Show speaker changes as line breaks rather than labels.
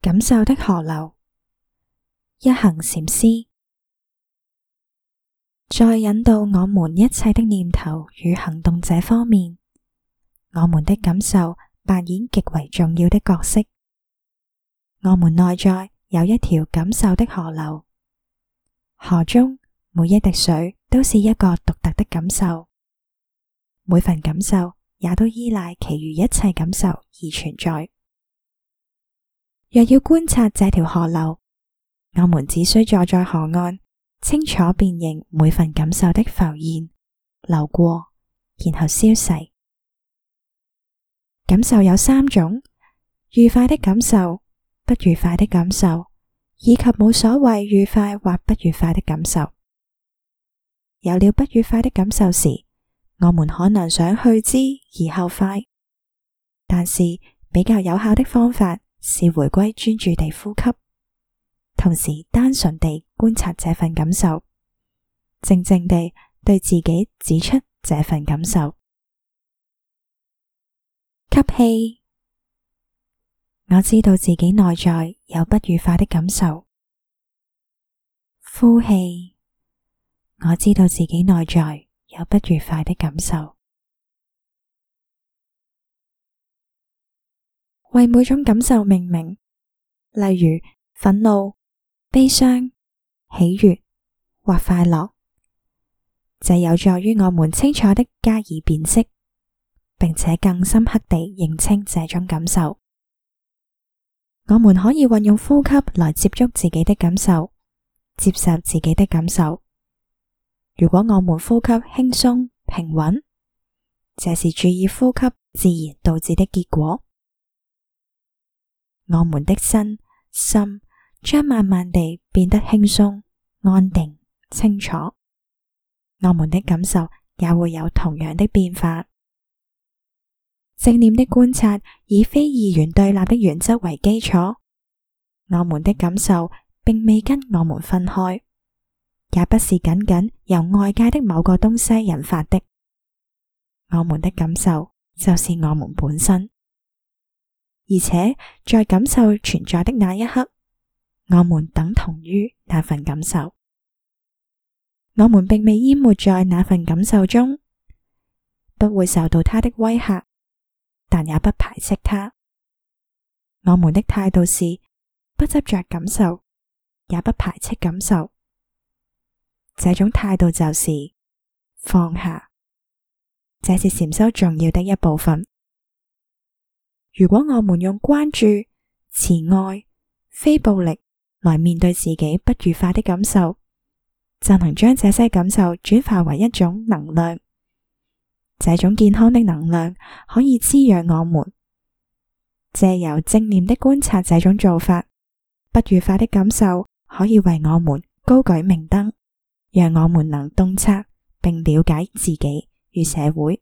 感受的河流，一行禪師。再引導我們一切的念頭與行動這方面，我們的感受扮演極為重要的角色。我們內在有一條感受的河流，河中每一滴水都是一個獨特的感受，每份感受也都依賴其餘一切感受而存在。若要觀察這條河流，我們只需坐在河岸，清楚辨認每份感受的浮現、流過，然後消逝。感受有三種：愉快的感受、不愉快的感受，以及無所謂愉快或不愉快的感受。有了不愉快的感受時，我們可能想去之而後快，但是比較有效的方法，是回歸專注地呼吸，同時單純地觀察這份感受，靜靜地對自己指出這份感受。吸氣，我知道自己內在有不愉快的感受。呼氣，我知道自己內在有不愉快的感受。為每種感受命名，例如憤怒、悲傷、喜悅或快樂，這有助於我們清楚的加以辨識，並且更深刻地認清這種感受。我們可以運用呼吸來接觸自己的感受，接受自己的感受。如果我們呼吸輕鬆平穩，這，就是注意呼吸自然導致的結果。我們的身心將慢慢地變得輕鬆、安定、清楚，我們的感受也會有同樣的變化。正念的觀察以非二元對立的原則為基礎，我們的感受並未跟我們分開，也不是僅僅由外界的某個東西引發的。我們的感受就是我們本身。而且在感受存在的那一刻，我們等同於那份感受，我們並未淹沒在那份感受中，不會受到他的威嚇，但也不排斥他。我們的態度是不執着感受，也不排斥感受。這種態度就是放下，這是禪修重要的一部分。如果我們用關注、慈愛、非暴力來面對自己不愉快的感受，就能將這些感受轉化為一種能量。這種健康的能量可以滋養我們。藉由正念的觀察，這種做法，不愉快的感受可以為我們高舉明燈，讓我們能洞察並了解自己與社會。